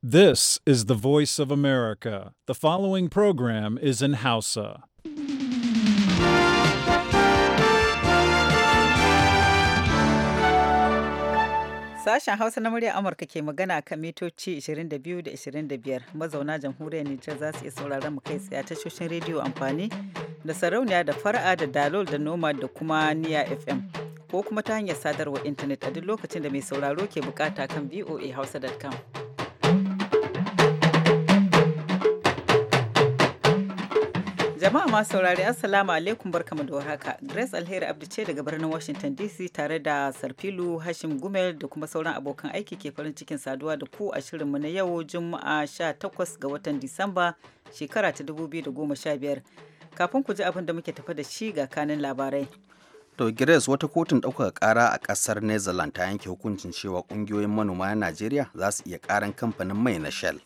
This is the voice of America. The following program is in Hausa. Sashen Hausa na murya Amurka ke magana kan mitoci 22 da 25 mazauna jamhuriyar Nijar za su iya sauraron mu kai tsaye tashoshin rediyo amfani da sarauniya da fara'a da dalol da noma da kuma niya FM ko kuma ta hanyar sadarwa intanet a duk lokacin da mai sauraro ke bukata kan voahausa.com. Jama'a masu saurari Assalamu alaikum barkamu da warhaka. Grace Alheri Abdu ce daga birnin Washington DC tare da Sarfilu Hashim Gumel da kuma sauran abokan aiki ke farin cikin saduwa da ku a shirinmu na yau Juma'a 18 ga watan Disamba shekara ta 2015. Kafin ku ji abin da muke tafa da shi ga kanin labarai. To Grace wata kotun ɗaukaka ƙara a ƙasar Netherlands ta yanke hukuncin cewa ƙungiyoyin manoma na Najeriya za su iya ƙaran kamfanin mai na Shell.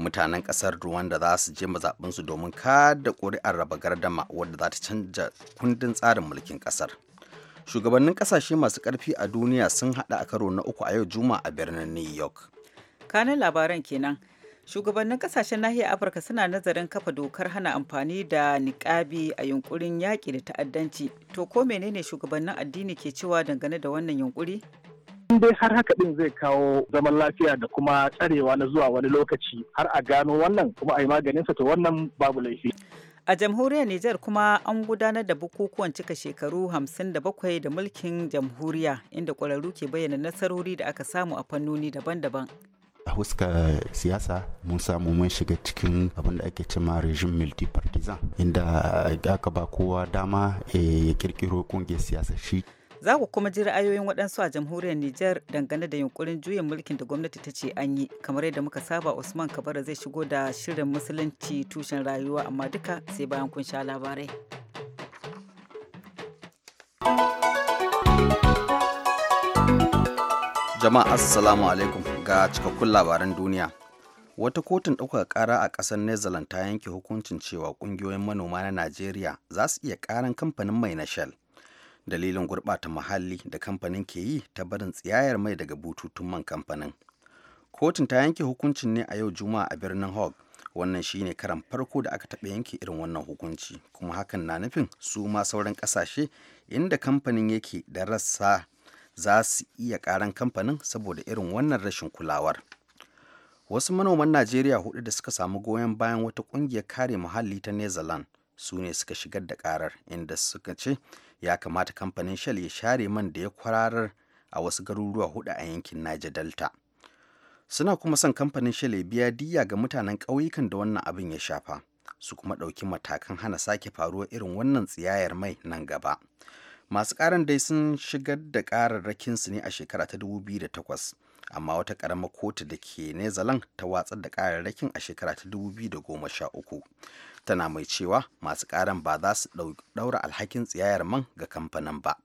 mutanen kasar rwanda za su je mazaɓinsu domin ka da ƙuri'ar raba gardama wadda za ta canja kundin tsarin mulkin kasar shugabannin ƙasashe masu ƙarfi a duniya sun haɗa a karo na uku a yau juma a birnin new york kanin labaran kenan shugabannin kasashen nahiyar afirka suna nazarin kafa dokar hana amfani da niƙabi a yunkurin yaƙi da ta'addanci to ko menene shugabannin addini ke cewa dangane da wannan yunkuri in dai har haka din zai kawo zaman lafiya da kuma tsarewa na zuwa wani lokaci har a gano wannan kuma a yi maganinsa to wannan babu laifi a jamhuriyar Nijar kuma an gudanar da bukukuwan cika shekaru 57 da mulkin jamhuriya inda ƙwararru ke bayyana nasarori da aka samu a fannoni daban-daban. a huska siyasa mun samu mun shiga cikin abin da ake cema regime multipartisan inda aka ba kowa dama eh, ya kirkiro kungiyar siyasa shi Za ku kuma ji ra'ayoyin waɗansu a jamhuriyar Nijar dangane da yunkurin juyin mulkin da gwamnati ta ce an yi. Kamar yadda muka saba Usman Kabara zai shigo da shirin musulunci tushen rayuwa amma duka sai bayan kun sha labarai. Jama'a Assalamu alaikum ga cikakkun labaran duniya. wata kotun ɗaukar ƙara a ƙasar Netherlands ta yanke hukuncin cewa ƙungiyoyin manoma na Najeriya za su iya ƙaran kamfanin mai na Shell dalilin gurɓata muhalli da kamfanin ke yi ta barin tsiyayar mai daga bututun man kamfanin kotun ta yanke hukuncin ne a yau juma'a a birnin hog wannan shine karan farko da aka taɓa yanke irin wannan hukunci kuma hakan na nufin su ma sauran ƙasashe inda kamfanin yake da rassa za su iya ƙaran kamfanin saboda irin wannan rashin kulawar wasu manoman najeriya hudu da suka samu goyon bayan wata ƙungiyar kare muhalli ta netherlands su ne suka shigar da karar inda suka ce ya kamata kamfanin shell ya share man da ya kwararar a wasu garuruwa hudu a yankin Niger Delta. Suna kuma son kamfanin shell ya biya diya ga mutanen ƙauyukan da wannan abin ya shafa, su kuma ɗauki matakan hana sake faruwa irin wannan tsiyayar mai nan gaba. Masu ƙarar dai sun shigar da su ne a shekara ta 2008, amma wata ƙaramar kotu da ke Nezalan ta watsar da kararrakin a shekara ta 2013. tana mai cewa masu karan ba za su daura alhakin tsiyayar man ga kamfanin ba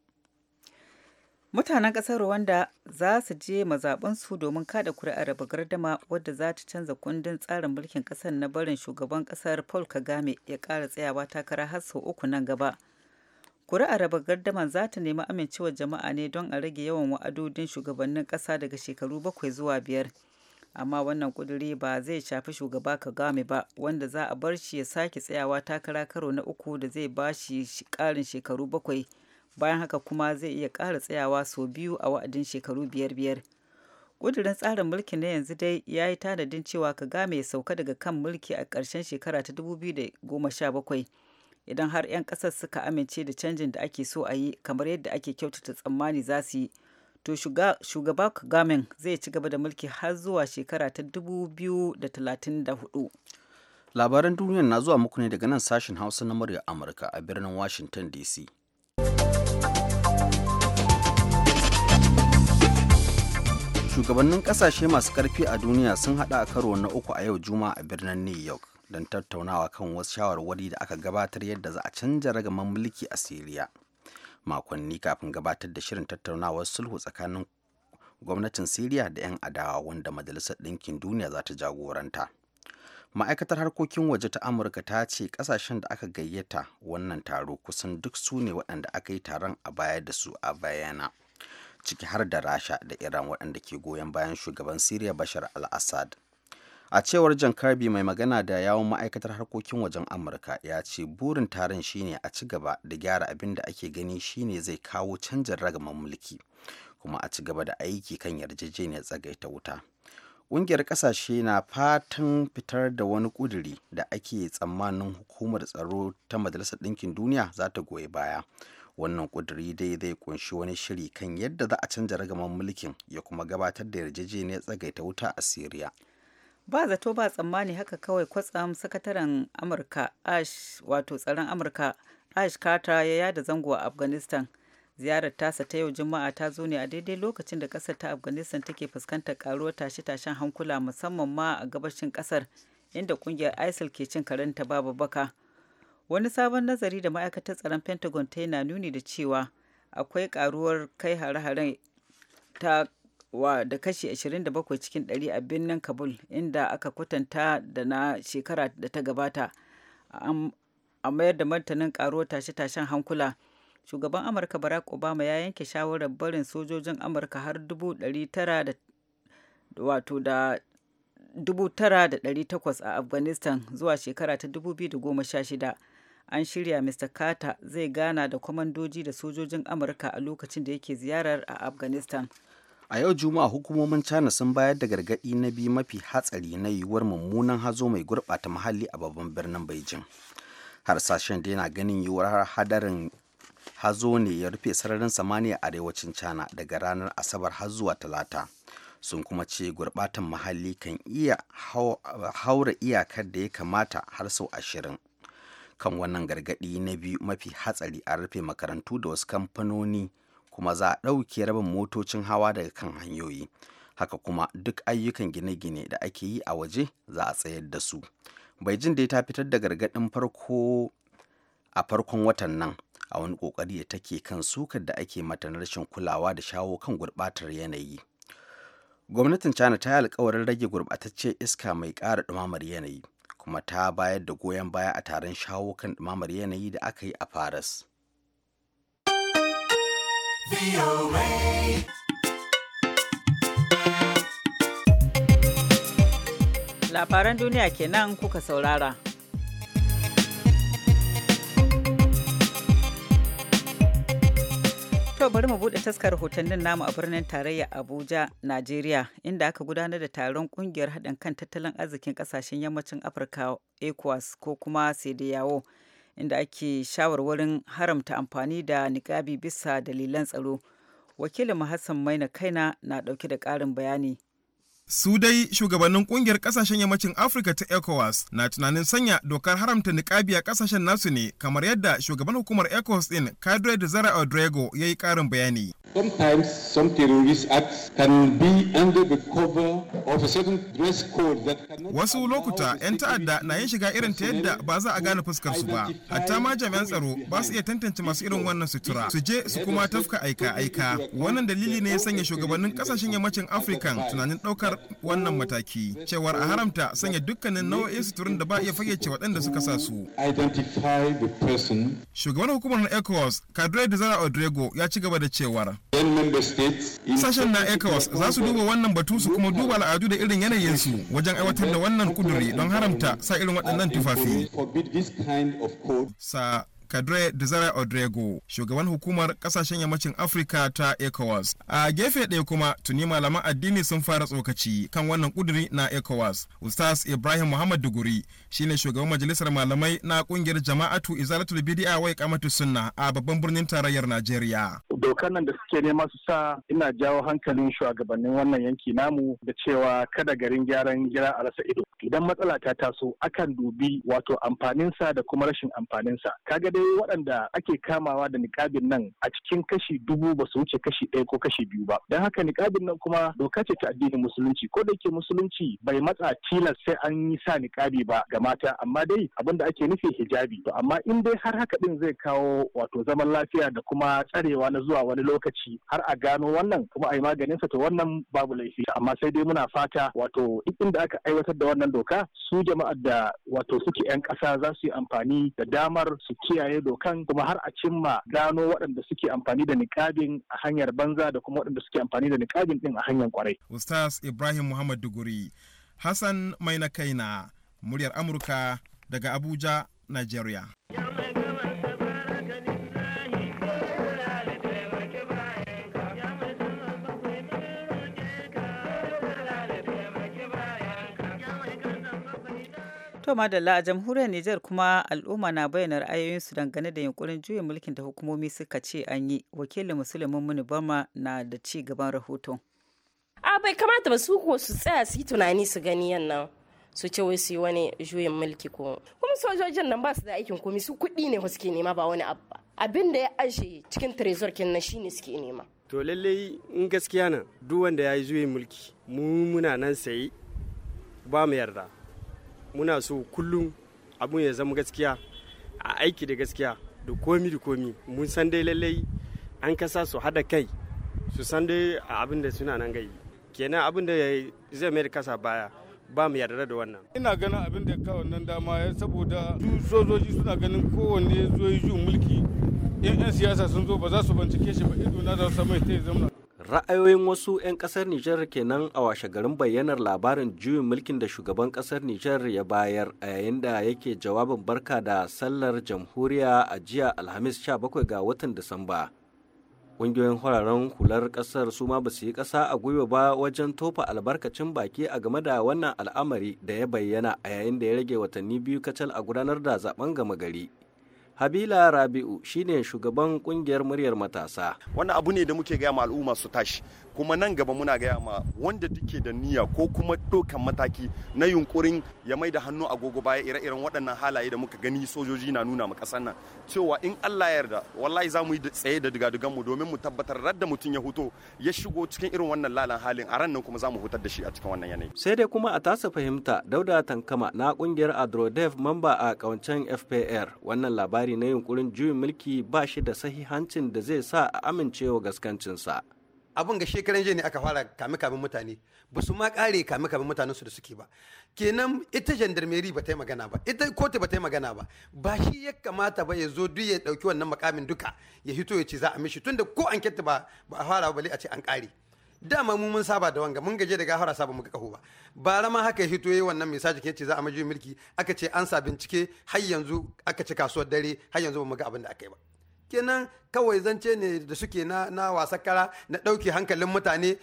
mutanen ƙasar rwanda za su je mazaɓinsu domin kada kuri'a raba gardama wadda za ta canza kundin tsarin mulkin ƙasar na barin shugaban ƙasar paul kagame ya ƙara tsayawa takara har sau uku nan gaba kuri'a raba gardaman za ta nemi amincewar jama'a ne don a rage yawan wa'adodin shugabannin ƙasa daga shekaru bakwai zuwa biyar amma wannan kuduri ba zai shafi shugaba ka game ba wanda za a bar shi ya sake tsayawa takara karo na uku da zai ba shi karin shekaru bakwai bayan haka kuma zai iya ƙara tsayawa sau biyu a wa'adin shekaru biyar biyar ƙudurin tsarin mulki na yanzu dai ya yi tanadin cewa kagame ya sauka daga kan mulki a ƙarshen shekara ta 2017 idan har 'yan ƙasar suka amince da canjin da ake so a yi kamar yadda ake kyautata tsammani za su yi to shugaba kagamen zai ci gaba da mulki har zuwa shekara ta 2034 labaran duniya na zuwa muku ne daga nan sashen hausa na murya amurka a birnin washington dc shugabannin kasashe masu karfi a duniya sun hada a karo na uku a yau juma a birnin new york don tattaunawa kan wasu shawarwari da aka gabatar yadda za a canja ragaman mulki a syria makonni kafin gabatar da shirin tattaunawar sulhu tsakanin gwamnatin siriya da 'yan adawa wanda majalisar ɗinkin duniya za ta jagoranta ma'aikatar harkokin waje ta amurka ta ce kasashen da aka gayyata wannan taro kusan duk su ne waɗanda aka yi taron a baya da su a bayana ciki har da rasha da iran waɗanda ke goyon bayan shugaban siriya bashar al-assad a cewar jan karbi mai magana da yawon ma'aikatar harkokin wajen amurka ya ce burin taron shine a ci gaba da gyara abin da ake gani shine zai kawo canjin ragaman mulki kuma a ci gaba da aiki kan yarjejeniyar tsagaita wuta ƙungiyar ƙasashe na fatan fitar da wani ƙuduri da ake tsammanin hukumar tsaro ta majalisar ɗinkin duniya za ta goyi baya wannan ƙuduri dai zai kunshi wani shiri kan yadda za a canja ragaman mulkin ya kuma gabatar da yarjejeniyar tsagaita wuta a siriya ba zato ba tsammani haka kawai kwatsam sakataren amurka ash wato tsaron amurka ash carter ya yada zango a afghanistan ziyarar tasa ta yau juma'a ta zo ne a daidai lokacin da kasar ta afghanistan take fuskantar karuwar tashe-tashen hankula musamman ma a gabashin kasar inda kungiyar isil ke cin karanta babu baka wani sabon nazari da ma'aikatar tsaron pentagon ta yi na nuni da cewa akwai karuwar kai hare hare ta wa da kashi 27 cikin 100 a birnin kabul inda aka kwatanta da na shekara da ta gabata a mayar da martanin karo tashe-tashen hankula shugaban amurka barack obama ya yanke shawarar barin sojojin amurka har 9,800 a afghanistan zuwa shekara ta 2016 an shirya mr carter zai gana da kwamandoji da sojojin amurka a lokacin da yake ziyarar a afghanistan a yau juma'a hukumomin china sun bayar da gargaɗi na biyu mafi hatsari na yiwuwar mummunan hazo mai gurɓata muhalli a babban birnin beijing harsashen da yana ganin yiwuwar hadarin hazo ne ya rufe sararin samaniya arewacin china daga ranar asabar har zuwa talata sun kuma ce gurbatan muhalli kan iya haura iyakar da ya kamata har sau ashirin kan wannan gargaɗi na biyu mafi hatsari a rufe makarantu da wasu kamfanoni kuma za a ɗauke rabin motocin hawa daga kan hanyoyi haka kuma duk ayyukan gine-gine da ake yi a waje za a tsayar da su beijing dai ta fitar da gargaɗin farko a farkon watan nan a wani ƙoƙari da take kan sukar da ake mata na rashin kulawa da shawo kan gurbatar yanayi gwamnatin china ta yi alkawarin rage gurɓatacciyar iska mai ƙara ɗumamar yanayi kuma ta bayar da goyon baya a taron shawo kan ɗumamar yanayi da aka yi a paris Labaran duniya kenan kuka saurara. To bari mu buɗe taskar rahotannin namu a birnin tarayya Abuja, Najeriya, inda aka gudanar da taron ƙungiyar haɗin kan tattalin arzikin ƙasashen yammacin Afirka ECOWAS ko kuma yawo inda ake shawarwarin haramta amfani da niƙabi bisa dalilan tsaro wakilin hassan maina kaina na ɗauke da ƙarin bayani Su dai shugabannin kungiyar kasashen yammacin Afirka ta ECOWAS na tunanin sanya dokar haramta niƙabi a kasashen nasu ne kamar yadda shugaban hukumar ECOWAS din Kadre da Zara Odrego ya yi karin bayani. Wasu lokuta 'yan ta'adda na yin shiga irin ta yadda ba za a gane fuskar su ba. Hatta ma jami'an tsaro ba su iya tantance masu irin wannan sutura. Su je su kuma tafka aika-aika. Wannan dalili ne ya sanya shugabannin kasashen yammacin Afirka tunanin ɗaukar wannan mataki cewar a haramta sanya dukkanin nau'in suturin da ba iya fage ce waɗanda suka sa su. Shugaban hukumar na ECOWAS, Kadre Dezara Odrego ya ci gaba da cewar. Sashen na ECOWAS za su duba wannan batu su kuma duba al'adu da irin yanayinsu wajen aiwatar da wannan kuduri don haramta sa irin waɗannan tufafi. Sa kadre dezara odrego shugaban hukumar kasashen yammacin afirka ta ecowas a gefe ɗaya kuma tuni malaman addini sun fara tsokaci kan wannan kuduri na ecowas ustaz ibrahim muhammad duguri shine shugaban majalisar malamai na kungiyar jama'atu izalatul bidi'a wai kamatu sunna a babban birnin tarayyar najeriya dokar nan da suke nema su sa ina jawo hankalin shugabannin wannan yanki namu da cewa kada garin gyaran gira a rasa ido idan matsala ta taso akan dubi wato amfaninsa da kuma rashin amfaninsa kaga dai waɗanda ake kamawa da niƙabin nan a cikin kashi dubu ba su wuce kashi ɗaya ko kashi biyu ba don haka niƙabin nan kuma doka ce ta addinin musulunci ko da yake musulunci bai matsa tilas sai an yi sa niƙabi ba ga mata amma dai abin da ake nufi hijabi to amma in dai har haka din zai kawo wato zaman lafiya da kuma tsarewa na zuwa wani lokaci har a gano wannan kuma a yi maganin sa to wannan babu laifi amma sai dai muna fata wato duk inda aka aiwatar da wannan doka su jama'ar da wato suke yan ƙasa za su yi amfani da damar su kiyaye dokan kuma har a cimma gano waɗanda suke amfani da niƙabin a hanyar banza da kuma waɗanda suke amfani da niƙabin din a hanyar kwarai. Ustaz Ibrahim Muhammad Duguri Hassan Maina Kaina muryar amurka daga abuja nigeria To madalla a jamhuriyar Nijar kuma al'umma na bayyana ra'ayoyinsu dangane da yunkurin juya mulkin da hukumomi suka ce an yi. Wakilin Musulmin Muni Bama na da ci gaban rahoton. A bai kamata ba su ko su tsaya su yi tunani su gani nan. su ce wai su yi wani juyin mulki ko kuma sojojin nan ba su da aikin komi su kuɗi ne suke nema ba wani abu abin da ya ashe cikin trezor na shine suke nema to lallai in gaskiya nan duk wanda ya yi juyin mulki mu muna nan sayi ba mu yarda muna so kullum abun ya zama gaskiya a aiki da gaskiya da komi da komi mun san dai lallai an kasa su hada kai su san dai abin da suna nan gai kenan abin da zai mai kasa baya ba mu yarda da wannan ina ganin abin da ka wannan dama ya saboda sojoji suna ganin kowanne zo yi mulki in 'yan siyasa sun zo ba za su bincike shi ba ido na za su mai ta zama ra'ayoyin wasu 'yan kasar Nijar kenan a washe garin bayyanar labarin juyin mulkin da shugaban kasar Nijar ya bayar a yayin da yake jawabin barka da sallar jamhuriya a jiya Alhamis 17 ga watan Disamba. ƙungiyoyin hararen hular ƙasar su ma ba su yi ƙasa a gwiwa ba wajen tofa albarkacin baki a game da wannan al'amari da ya bayyana a yayin da ya rage watanni biyu kacal a gudanar da zaben gama gari habila rabi'u shine shugaban kungiyar muryar matasa wannan abu ne da muke gaya ma al'umma su tashi kuma nan gaba muna gaya ma wanda duke da niyya ko kuma dokan mataki na yunkurin ya mai da hannu agogo baya ire-iren waɗannan halaye da muka gani sojoji na nuna ma ƙasar nan cewa in Allah ya yarda wallahi za mu yi tsaye da diga mu domin mu tabbatar radda mutum ya huto ya shigo cikin irin wannan lalan halin a ran kuma za mu hutar da shi a cikin wannan yanayi sai dai kuma a tasa fahimta dauda tankama na kungiyar adrodev mamba a kawancen fpr wannan labari na yunkurin juyin mulki ba shi da sahihancin da zai sa a amincewa gaskancinsa abin ga shekaran jiya ne aka fara kame kamin mutane ba su ma kare kame kamin mutanen su da suke ba kenan ita gendarmerie ba ta yi magana ba ita kotu ba ta yi magana ba ba shi ya kamata ba ya zo duk ya dauki wannan makamin duka ya hito ya ce za a mishi tunda ko an kyatta ba ba a fara bale a ce an kare dama mu mun saba da wanga mun gaje daga harasa saba mu ga kaho ba bara ma haka ya hito yayi wannan message ke ce za a maji mulki aka ce an sa bincike har yanzu aka ci kasuwar dare har yanzu ba mu ga abin da aka yi ba kenan kawai zance ne da suke na, wasa kara na ɗauke hankalin mutane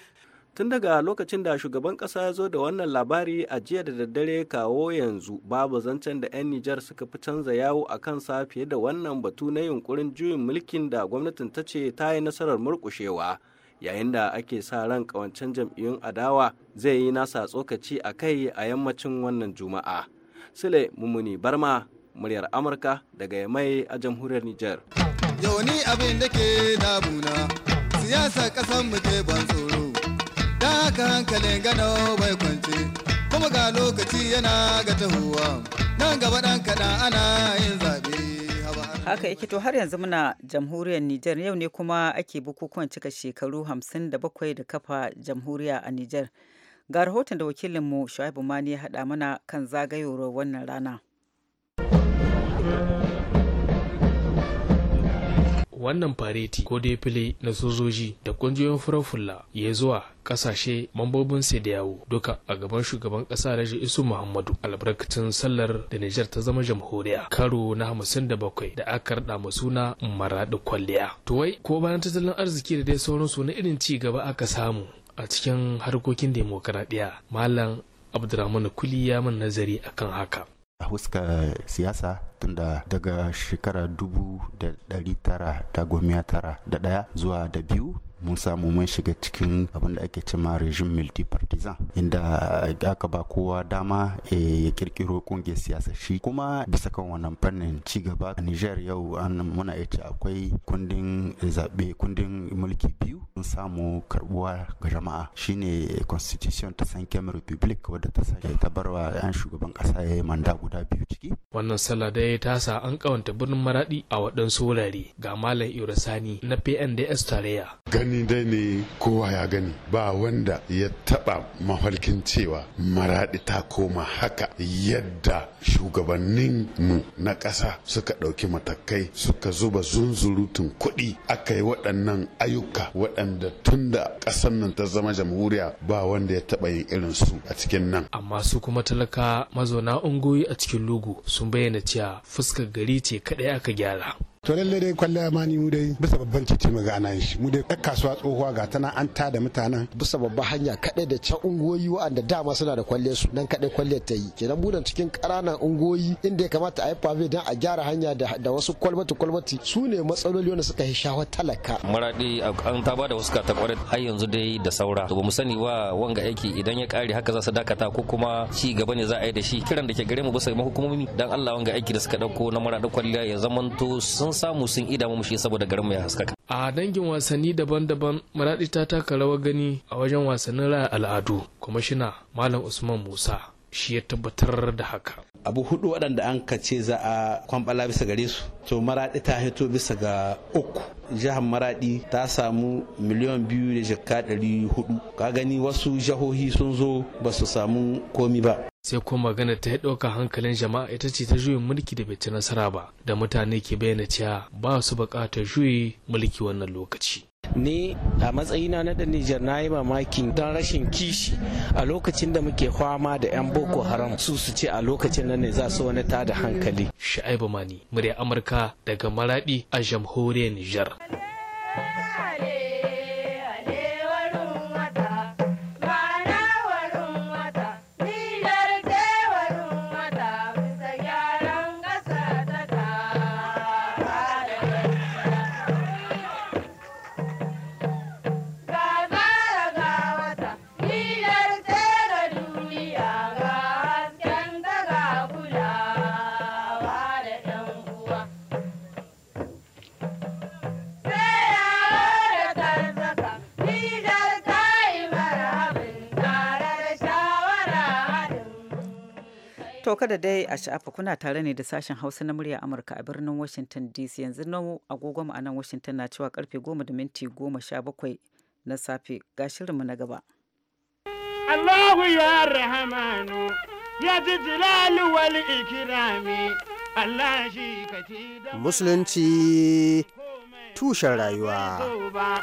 tun daga lokacin da shugaban kasa ya zo da wannan labari a jiya da daddare kawo yanzu babu zancen da 'yan nijar suka fi canza yawo a kansa fiye da wannan batu na yunkurin juyin mulkin da gwamnatin ta ce ta yi nasarar murkushewa yayin da ake sa ran kawancen jam'iyyun adawa zai yi nasa tsokaci a kai a yammacin wannan juma'a sule barma muryar amurka daga mai a jamhuriyar nijar. yau ni abin da ke damuna siyasa kasan mu ke ban tsoro da haka hankalin gano bai kwance kuma ga lokaci yana ga tahowa nan gaba dan kada ana yin zaɓe. haka yake to har yanzu muna jamhuriyar niger yau ne kuma ake bukukuwan cika shekaru 57 da kafa jamhuriya a niger Ga rahoton da wakilinmu Shuaibu Mani ya haɗa mana kan zagayowar wannan rana. wannan fareti ko dai fili na sojoji da kungiyoyin furar fulla ya zuwa kasashe mambobin sai da yawo duka a gaban shugaban kasa rashin Isu Muhammadu albarkacin sallar da Nijar ta zama jamhuriya karo na hamsin da bakwai da aka rada ma suna maradu kwalliya to wai ko bayan tattalin arziki da dai sauransu na irin ci gaba aka samu a cikin harkokin demokaradiyya malam abdurrahman kuli ya min nazari akan haka a huska siyasa tunda daga shekara dubu da dari tara da tara da daya zuwa da biyu mun samu mun shiga cikin abin da ake cema rejim partizan inda aka ba kowa dama eh, ya kirkiro kungiyar siyasa shi kuma bisa kan wannan fannin ci gaba a Niger yau an muna ita akwai kundin zaɓe kundin mulki biyu sun samu karbuwa ga jama'a shine constitution ta sankem republic wadda ta sake ta barwa yan shugaban kasa ya yi manda guda biyu ciki wannan sallah dai ta sa an kawanta birnin maradi a waɗansu wurare ga malam sani na pnds tarayya gani dai ne kowa ya gani ba wanda ya taba mafarkin cewa maraɗi ta koma haka yadda shugabannin mu na ƙasa suka ɗauki matakai suka zuba zunzurutun kuɗi aka yi waɗannan ayyuka waɗanda tun da ƙasar nan ta zama jamhuriya ba wanda ya taɓa yin irin su a cikin nan amma su kuma talaka mazauna ungoyi a cikin lugu sun bayyana cewa fuskar gari ce kaɗai aka gyara to lalle dai kwalliya ma ni mu dai bisa babban titi mu ga shi mu dai kasuwa tsohuwa ga tana an ta da mutanen bisa babban hanya kaɗai da can ungoyi wa'anda dama suna da kwalle su nan kadai kwalle ta yi kenan mu cikin ƙananan ungoyi inda ya kamata a yi pave don a gyara hanya da wasu kwalbati kwalbati su ne matsaloli wanda suka yi shawar talaka maradi an ta ba da wasu ta kwarai har yanzu dai da saura to ba mu sani ba wanga aiki idan ya kare haka za su dakata ko kuma ci gaba ne za a yi da shi kiran da ke gare mu bisa mahukumomi dan Allah wanga aiki da suka dauko na maradi kwalliya ya zamanto sun sun samu sun ida mu shi saboda garin mu ya haskaka a dangin wasanni daban-daban maradi ta taka rawar gani a wajen wasannin raya al'adu kwamishina malam usman musa shi ya tabbatar da haka abu hudu waɗanda an kace za a kwamɓala bisa gare su to maraɗi ta hito bisa ga uku jihar maraɗi ta samu miliyan biyu da jaka ɗari hudu ka gani wasu jihohi sun zo ba su samu komi ba sai kuma magana ta ɗauka hankalin jama'a ita ce ta juyin mulki da bai ci nasara ba da mutane ke bayyana cewa ba su buƙatar juyi mulki wannan lokaci Ni a matsayina na ɗan Nijar na yi mamakin don rashin kishi a lokacin da muke fama da 'yan Boko Haram su su ce a lokacin nan ne za su wani tada hankali. Sha'ibu Mani, murya Amurka daga maraɗi a jamhuriyar Nijar. To kada dai a sha'afa kuna tare ne da sashen Hausa na murya Amurka a birnin Washington DC yanzu nan agogo a nan Washington na cewa karfe goma da minti bakwai na safe ga shirinmu na gaba. Allahu ya rahamanu ya ji jilalu wal ikirami Allah shi ka Musulunci tushen rayuwa.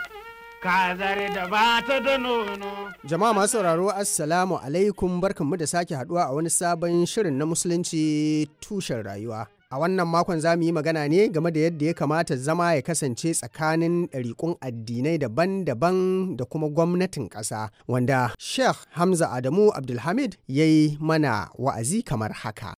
kazar da ba ta da nono. Jama'a masu sauraro Assalamu alaikum barkanmu da sake haduwa a wani sabon shirin na musulunci tushen rayuwa. A wannan makon za mu yi magana ne game da yadda ya kamata zama ya kasance tsakanin ɗariƙun addinai daban-daban da kuma gwamnatin ƙasa wanda Sheikh Hamza Adamu Abdulhamid ya yi mana wa'azi kamar haka.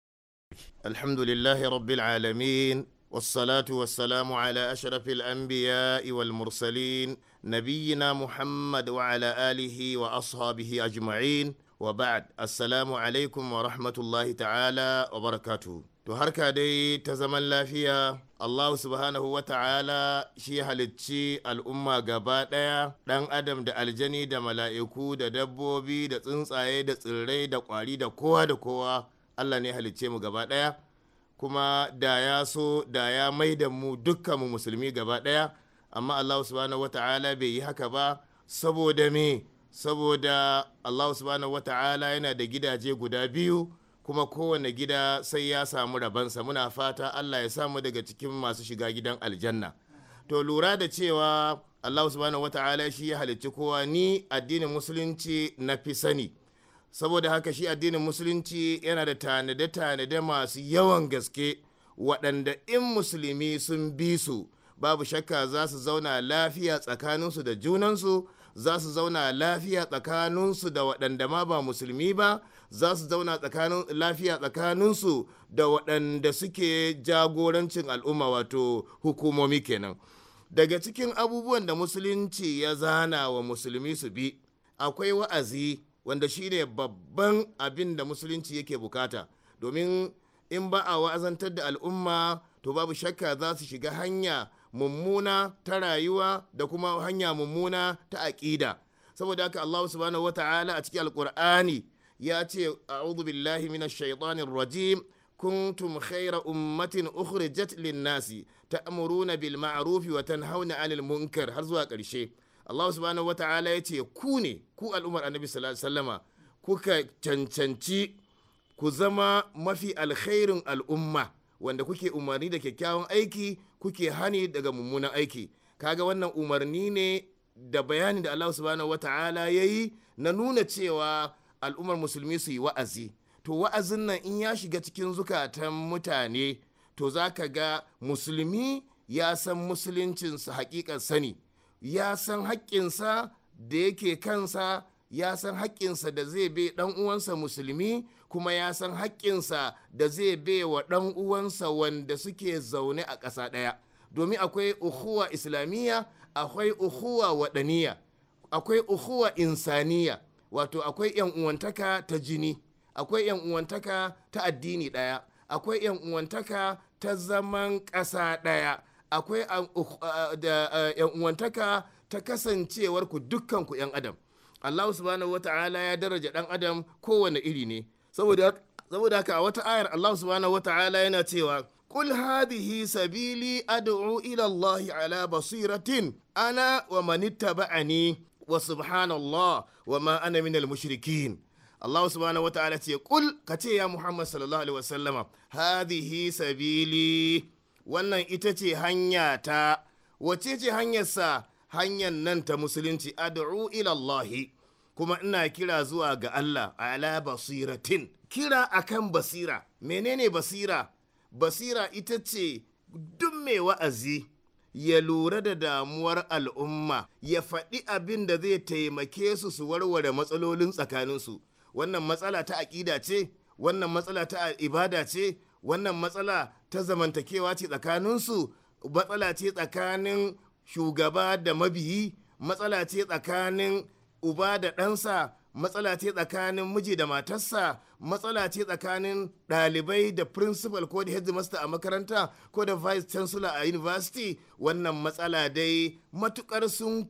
Alhamdulillahi Rabbil Alamin wassalatu wassalamu ala ashrafil anbiya wal mursalin nabiyina muhammad wa ala alihi wa ashabihi ajma'in wa ba'd assalamu alaikum wa rahmatullahi ta'ala wa barakatu to harka dai ta zaman lafiya allahu subhanahu wa ta'ala shi halicci al'umma gaba daya dan adam da aljani da mala'iku da dabbobi da tsuntsaye da tsirrai da kwari da kowa da kowa Allah ne halicce mu gaba ɗaya. kuma da ya so da ya maida mu dukkan mu musulmi gaba ɗaya amma Allah subhanahu wata'ala bai yi haka ba saboda me saboda Allah subhanahu wata'ala yana da gidaje guda biyu kuma kowane gida sai ya samu rabansa muna fata Allah ya samu daga cikin masu shiga gidan aljanna to lura da cewa Allah subhanahu wata'ala shi ya halicci kowa ni addinin musulunci na fi sani saboda haka shi addinin musulunci yana da tanade-tanade masu yawan gaske waɗanda in musulmi sun bi su babu shakka za su zauna lafiya tsakaninsu da junansu za su zauna lafiya tsakaninsu da waɗanda ma ba musulmi ba za su zauna lafiya tsakaninsu da waɗanda suke jagorancin al'umma wato hukumomi kenan daga cikin abubuwan da musulunci ya zana wa musulmi su bi akwai wa'azi wanda shine babban abin da musulunci yake bukata domin in ba a wa'azantar da al'umma to babu shakka za su shiga hanya mummuna ta rayuwa da kuma hanya mummuna ta aƙida saboda haka Allah subhanahu wata'ala a cikin al'kur'ani ya ce a'udhu billahi minash shaitanir rajim kuntum khayra ummatin ukhrijat lin-nasi ta'muruna bil ma'ruf wa tanhauna 'anil munkar har zuwa ƙarshe Allah subhanahu ta'ala ya ce ku ne ku al'ummar annabi sallama kuka cancanci ku zama mafi alkhairin al'umma wanda kuke umarni da kyakkyawan aiki kuke hani daga mummunan aiki kaga wannan umarni ne da bayani da Allah subhanahu ta'ala ya yi na nuna cewa al'ummar musulmi su yi wa'azi to wa'azin nan in ya shiga cikin zukatan mutane to za ga musulmi ya san su haƙiƙar sani ya san haƙƙinsa da yake kansa ya san haƙƙinsa da zai bai ɗan uwansa musulmi kuma ya san haƙƙinsa da zai bai wa ɗan uwansa wanda suke zaune a ƙasa ɗaya domin akwai uhuwa islamiyya akwai uhuwa waɗaniya akwai uhuwa insaniya wato akwai yan uwantaka ta jini akwai yan uwantaka ta addini ɗaya akwai yan uwantaka ta zaman ƙasa ɗaya akwai um, uh, uh, uh, yan uwantaka ta kasancewar ku dukkan ku yan adam Allah subhanahu wata'ala ya daraja dan adam kowane iri ne saboda saboda haka a wata ayar Allah subhanahu wata'ala yana cewa قل هذه سبيلي أدعو إلى الله على بصيرة أنا ومن اتبعني وسبحان الله وما أنا من المشركين الله سبحانه وتعالى قل كتي يا محمد صلى الله عليه وسلم هذه سبيلي wannan ita ce hanya ta wace ce hanyarsa hanyar nan ta musulunci ad'u ilallahi kuma ina kira zuwa ga Allah ala basiratin kira akan basira menene basira basira ita ce duk mai wa'azi ya lura da damuwar al'umma ya faɗi abin da zai taimake su su warware matsalolin tsakaninsu wannan matsala ta aƙida ce wannan matsala ta ibada ce wannan matsala ta zamantakewa ce tsakaninsu matsala ce tsakanin shugaba da mabiyi matsala ce tsakanin uba da ɗansa matsala ce tsakanin miji da matarsa matsala ce tsakanin ɗalibai da principal ko da headmaster a makaranta ko da vice chancellor a university wannan matsala dai matukar sun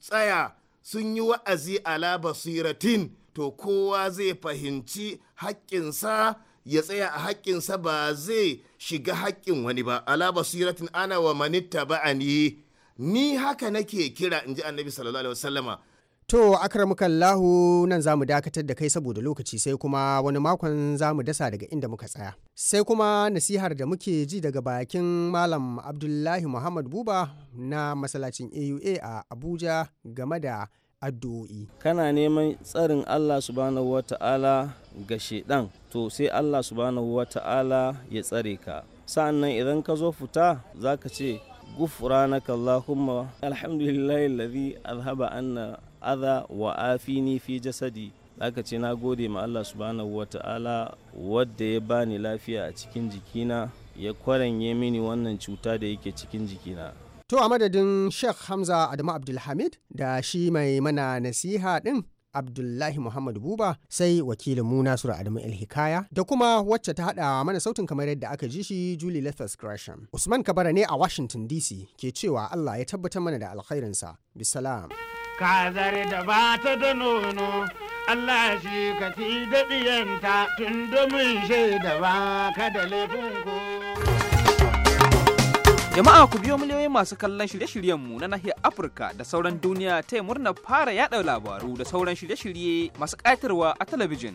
tsaya sun yi wa'azi ala basiratin to kowa zai fahimci haƙƙinsa ya tsaya a haƙƙinsa ba zai shiga haƙƙin wani ba ala basiratin ana wa manitta ba'ani ni haka nake kira in ji annabi sallallahu alaihi wasallama To lahu nan za mu dakatar da kai saboda lokaci sai kuma wani makon zamu dasa daga inda muka tsaya. Sai kuma nasihar da muke ji daga bakin Malam Abdullahi Muhammad Buba na masallacin AUA a Abuja game da addu'o'i. Kana neman tsarin Allah subhanahu wa ta'ala ga shedan to sai Allah subhanahu ta'ala ya tsare ka sa'annan idan ka zo fita zaka ce gufranaka Allahumma alhamdulillahi alladhi azhaba anna adha wa afini fi jasadi zaka ce na gode ma Allah subhanahu ta'ala wadda ya bani lafiya a cikin jikina ya kwaranye mini wannan cuta da yake cikin jikina To a madadin Sheikh Hamza Adamu Abdulhamid da shi mai mana nasiha ɗin Abdullahi Muhammad Buba sai wakilin mu Nasiru Adamu El Hikaya da kuma wacce ta haɗa mana sautin kamar yadda aka ji shi Julie Lefes Gresham. Usman Kabara ne a Washington DC ke cewa Allah ya tabbatar mana da alkhairinsa. Bisalam. zare da ba ta da nono Allah shi ka fi daɗiyanta da mun shaida ba ka da laifin ko. Jama'a ku biyo miliyoyin masu kallon shirye-shiryenmu na nahiyar Afirka da sauran duniya ta yi murnar fara yada labaru da sauran shirye-shirye masu ƙayatarwa a talabijin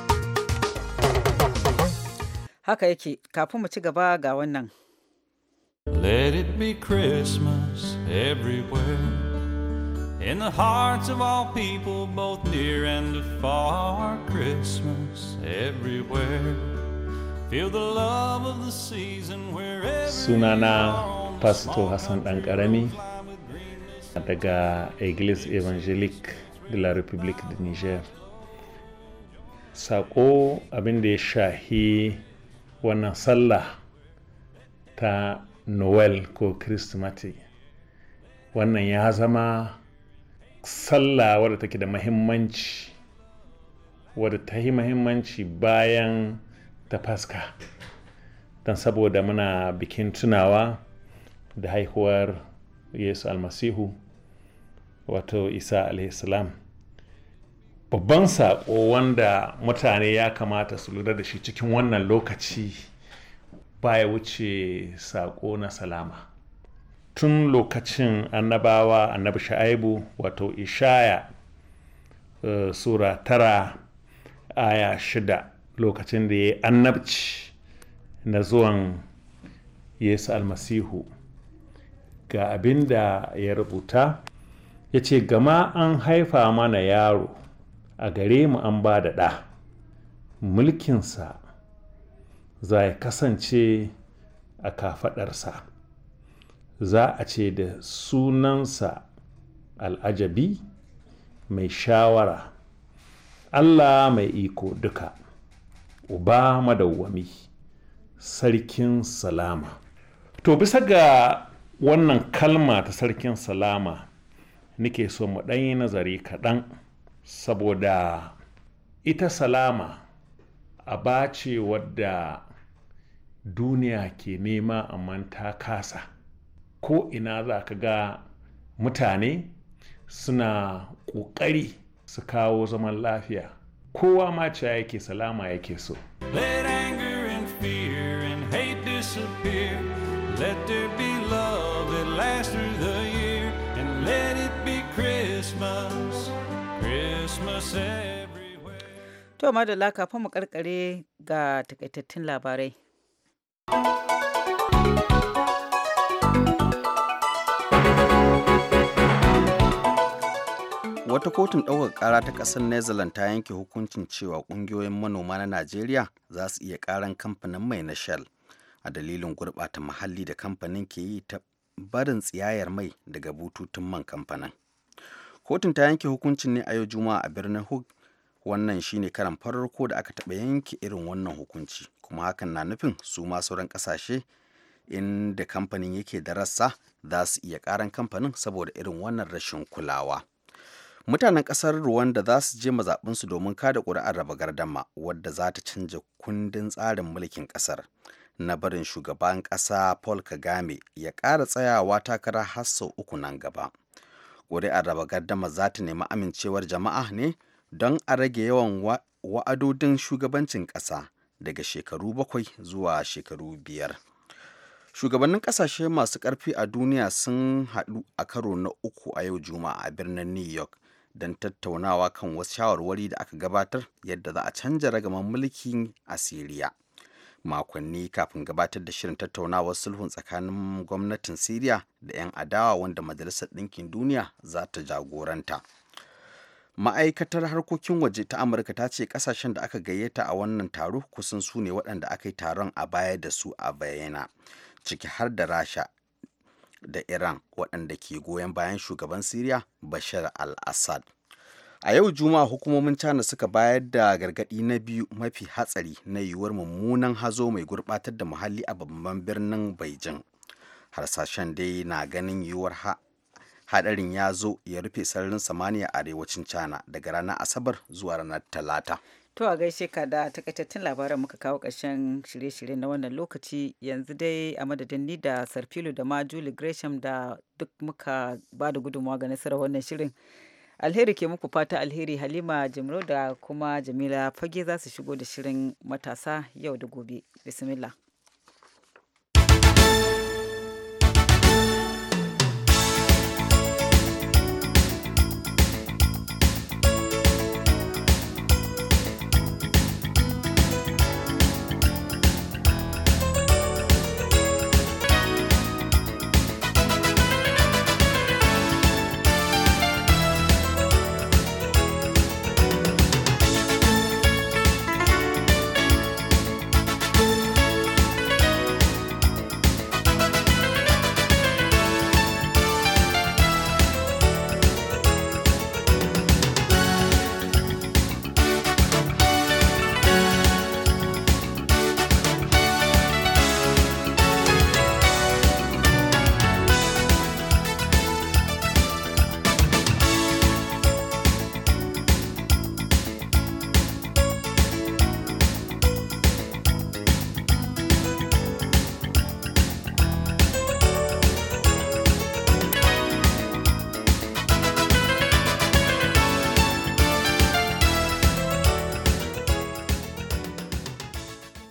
Haka yake kafin mu ci gaba ga wannan. Let it be Christmas everywhere in the hearts of all people both near and afar Christmas everywhere feel the love of the season wherever Sunana Pastor Hassan Dankarami daga Iglesia Evangelique de la République de Niger. Sako abin da ya shahi wannan sallah ta noel ko kristimati wannan ya zama sallah wadda take da mahimmanci wadda ta yi mahimmanci bayan ta faska don saboda muna bikin tunawa da haihuwar yesu almasihu wato isa alaihissalam babban saƙo wanda mutane ya kamata su lura da shi cikin wannan lokaci baya wuce saƙo na salama tun lokacin annabawa annabi sha'aibu wato ishaya eh, sura tara aya shida lokacin da ya yi annabci na zuwan yesu almasihu ga abin da ya rubuta ya ce gama an haifa mana yaro a gare mu an ba da ɗa mulkinsa za ya kasance a kafaɗarsa za a ce da sunansa al'ajabi mai shawara allah mai iko duka uba madawwami sarkin salama to bisa ga wannan kalma ta sarkin salama nake so mu ɗanyi nazari kaɗan saboda ita salama a wadda duniya ke nema amma ta kasa ko ina za ka ga mutane suna ƙoƙari su kawo zaman lafiya kowa ma yake salama yake so. To madalla kafin mu karkare ga takaitattun labarai. Wata kotun ɗaukar ƙara ta ƙasar Netherlands ta yanke hukuncin cewa ƙungiyoyin manoma na Najeriya za su iya ƙaran kamfanin mai na Shell a dalilin gurɓata muhalli da kamfanin ke yi ta barin tsiyayar mai daga bututun man kamfanin. Kotun ta yanke hukuncin ne a yau Juma'a a birnin Hague wannan shine karan farko da aka taɓa yanke irin wannan hukunci kuma hakan na nufin su ma sauran ƙasashe inda kamfanin yake da rassa za su iya ƙaran kamfanin saboda irin wannan rashin kulawa mutanen ƙasar da za su je mazaɓinsu domin kada ƙuri'ar raba gardama wadda za ta canja kundin tsarin mulkin ƙasar na barin shugaban ƙasa paul kagame ya ƙara tsayawa takara har sau uku nan gaba ƙuri'ar raba gardama za ta nemi amincewar jama'a ne don a rage yawan wa'adodin shugabancin ƙasa daga shekaru bakwai zuwa shekaru biyar. Shugabannin ƙasashe masu ƙarfi a duniya sun haɗu a karo na uku a yau Juma'a a birnin New York don tattaunawa kan wasu shawarwari da aka gabatar yadda za a canja ragaman mulkin Asiriya. makonni kafin gabatar da shirin tattaunawar sulhun tsakanin gwamnatin Siriya da 'yan adawa wanda Majalisar Ɗinkin Duniya za ta jagoranta. ma'aikatar harkokin waje ta amurka ta ce kasashen da aka gayyata a wannan taro kusan su ne waɗanda aka yi taron a baya da su a bayyana ciki har da rasha da iran waɗanda ke goyon bayan shugaban siriya bashar al-assad a yau juma'a hukumomin china suka bayar da gargaɗi na biyu mafi hatsari na yiwuwar mummunan hazo mai gurɓatar da muhalli a babban birnin beijing harsashen dai na ganin yiwuwar hadarin ya zo ya rufe sararin samaniya a arewacin china daga ranar asabar zuwa ranar talata to a gaishe ka da takaitattun labaran muka kawo ƙarshen shirye-shirye na wannan lokaci yanzu dai a madadin ni da sarfilu da ma julie gresham da duk muka ba da gudunmawa ga nasarar wannan shirin alheri ke muku fata alheri halima jimro da kuma jamila fage za su shigo da shirin matasa yau da gobe bismillah